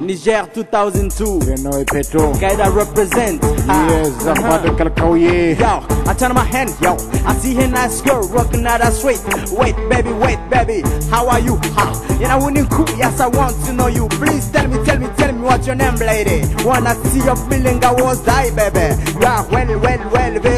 Niger 2002. You know Petro. Guy that represent. Yes, I'm uh -huh. Kalkauye. Yo, I turn my hand, yo. I see a nice girl walking out the street. Wait, baby, wait, baby. How are you? Ha. you I wouldn't cool. Yes, I want to know you. Please tell me, tell me, tell me what's your name, lady. Wanna see your feeling? I was die, baby. Yeah, well, well, well, baby.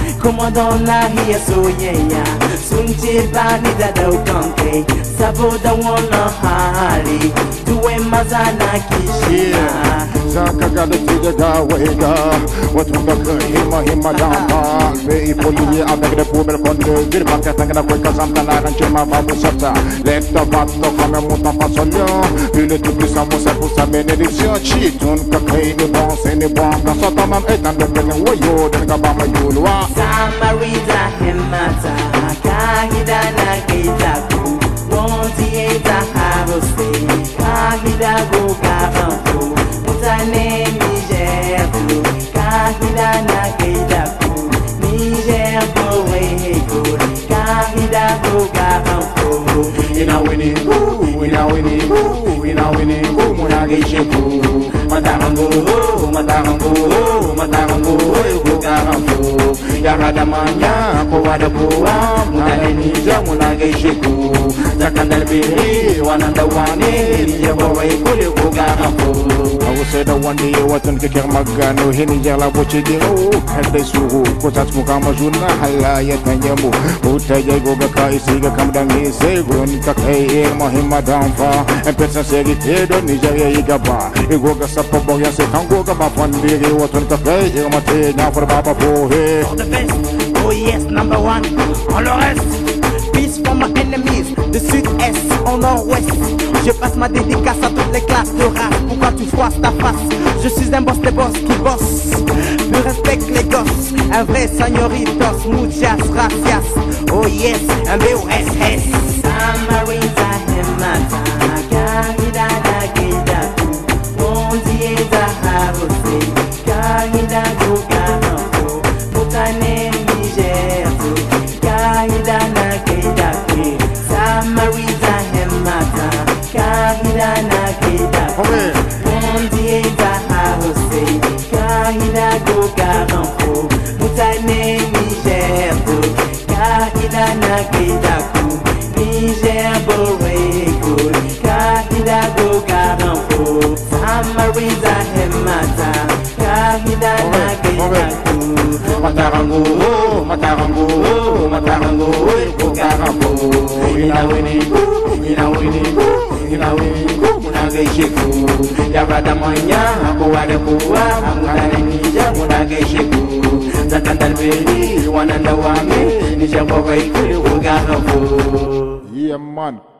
Kumadonna hiya soyeya Sunje bani da daukan sabo Saboda wannan hali Duwe maza na kishiya Zaka ga da tiga da waida Wato ga hima hima da amma Sai poli ye a daga pumer kondo Bir baka tanga da kweka santa na ranche ma fa musata Lefta vatto kame muta fasolyo Ile tu bisa musa kusa benedizio Chitun kakai ni bon se ni bon Gaso tamam etan de kene wayo Denga bama yulwa Sa Samariza hemata Kahida na kita ku Wonti eta harose Kahida go kabanto Mutane Niger ku Kahida na kita ku Niger go wehego Kahida go kabanto Ina winning, ina winning, ina winning, muna geishe ku Matamango, matamango, matamango, yo go kabanto yara da manya kowa da kowa muna da nija muna gaishe ku kanalbiri wanandawane yabawai kule kuganafo awuseda wandi yewatan kekir magano hini jala boci diro kadai suhu kusat mukama juna halaya tanyamu utajai goga ka isiga kamdangi segun kakai ir mahimma damfa empesa segi tedo nigeria igaba igoga sapa bogya se kangoga mafandiri watan kakai ir mate nyafar baba pohe Oh yes, number one, all the rest enemies De sud-est en nord-ouest Je passe ma dédicace à toutes les classes de race Pourquoi tu froisses ta face Je suis un boss des boss qui bosse Je respecte les gosses Un vrai señoritos, muchas gracias Oh yes, un BOSS I'm kahira nakeda mondi eza ahosei kahira kokaranfo mutane niger bo kahira nakeda ku niger boreko kahira kokaranfo samariza hemata kahira kita ku matarango oh, matarango oh, matarango oh, kokaranfo inawini inawini nawe munagesheko yabada mwanya akuwale kuwa mutanenija munagesheko zatandalbeli wananda wame nijakwakaikuli ugahafu yeah man